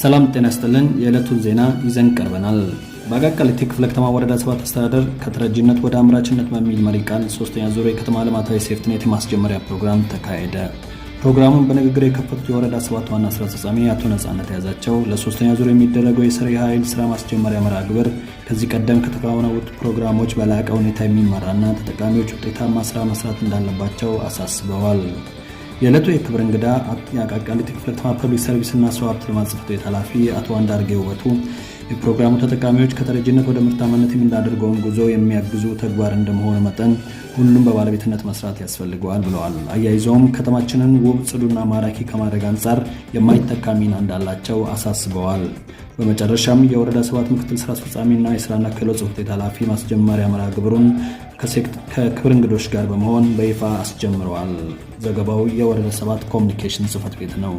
ሰላም ጤና ስጥልን የዕለቱን ዜና ይዘን ቀርበናል። በአቃቂ ክፍለ ከተማ ወረዳ ሰባት አስተዳደር ከትረጅነት ወደ አምራችነት በሚል መሪ ቃል ሶስተኛ ዙር የከተማ ልማታዊ ሴፍትኔት የማስጀመሪያ ፕሮግራም ተካሄደ። ፕሮግራሙን በንግግር የከፈቱት የወረዳ ሰባት ዋና ስራ አስፈጻሚ አቶ ነጻነት የያዛቸው ለሶስተኛ ዙር የሚደረገው የሰሪ የኃይል ስራ ማስጀመሪያ መራግብር ከዚህ ቀደም ከተከናወኑት ፕሮግራሞች በላቀ ሁኔታ የሚመራና ተጠቃሚዎች ውጤታማ ስራ መስራት እንዳለባቸው አሳስበዋል። የዕለቱ የክብር እንግዳ የአቃቂ ክፍለ ከተማ ፐብሊክ ሰርቪስና ሰው ሀብት ልማት ጽሕፈት ቤት ኃላፊ አቶ አንዳርጌ ውበቱ የፕሮግራሙ ተጠቃሚዎች ከተረጂነት ወደ ምርታማነት የምናደርገውን ጉዞ የሚያግዙ ተግባር እንደመሆኑ መጠን ሁሉም በባለቤትነት መስራት ያስፈልገዋል ብለዋል። አያይዘውም ከተማችንን ውብ፣ ጽዱና ማራኪ ከማድረግ አንጻር የማይተካ ሚና እንዳላቸው አሳስበዋል። በመጨረሻም የወረዳ ሰባት ምክትል ስራ አስፈጻሚና የስራና ክህሎት ጽሕፈት ቤት ኃላፊ ማስጀመሪያ መርሃ ግብሩን ከክብር እንግዶች ጋር በመሆን በይፋ አስጀምረዋል። ዘገባው የወረደ ሰባት ኮሚኒኬሽን ጽፈት ቤት ነው።